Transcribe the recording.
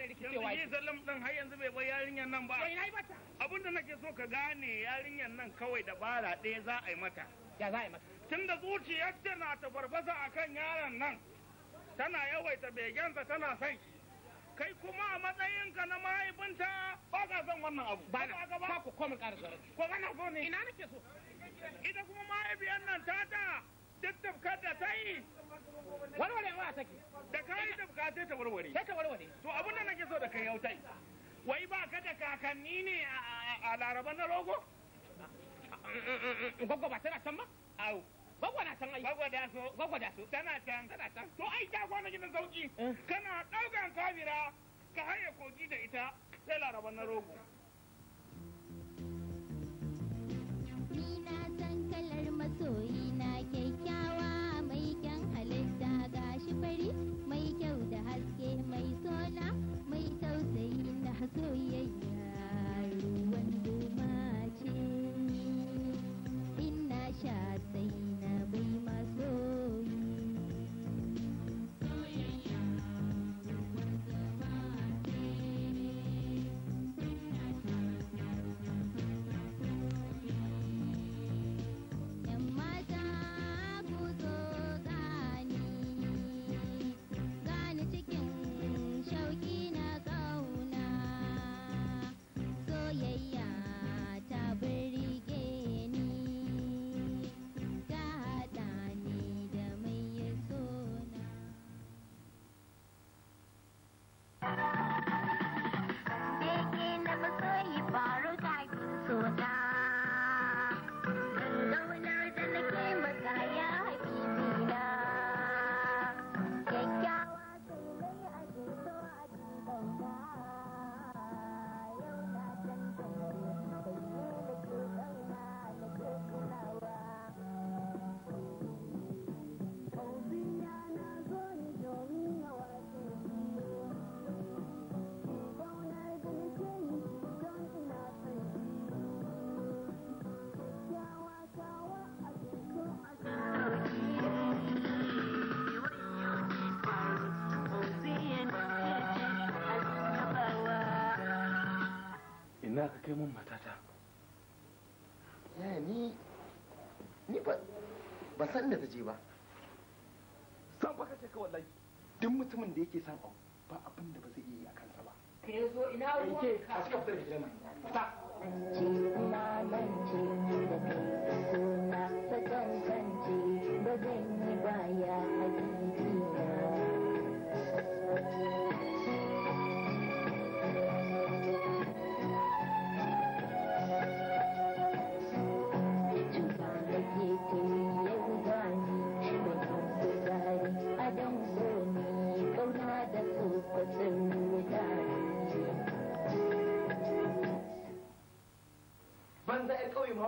da rikicewa yanzu zallam din har yanzu bai bar yarinyar nan ba bai nayi mata abin nake so ka gane yarinyar nan kawai dabara ɗaya za a yi mata ya za a yi mata tunda zuciyar na ta farfasa akan yaron nan tana yawaita begensa tana son shi kai kuma a matsayinka na mahaifinta ba ka son wannan abu ba na ba ku komai ƙara zarar ko kana so ne ina nake so ita kuma mahaifiyar nan ta ta duk tamkar da ta yi warwarewa take da ka yi tamka sai ta warware sai ta warware to abin da nake so da kai yautai wai ba ka da kakanni ne a laraba na rogo gwagwa ba tana can ba au gwagwa na can ai gwagwa da so gwagwa da so tana can tana can to ai ta kwana gidan sauki eh. kana daukan kabira ka haye kogi da ita sai laraba na rogo haske mai sona mai tausayi na soyayya da ka kai mun matata eh, ni ni ba ba san da ta je ba san baka ce ka wallahi duk mutumin da yake son abu ba abin da ba zai iya yi a kansa ba ka zo ina ruwa ka a cikin fitar gidan mai ta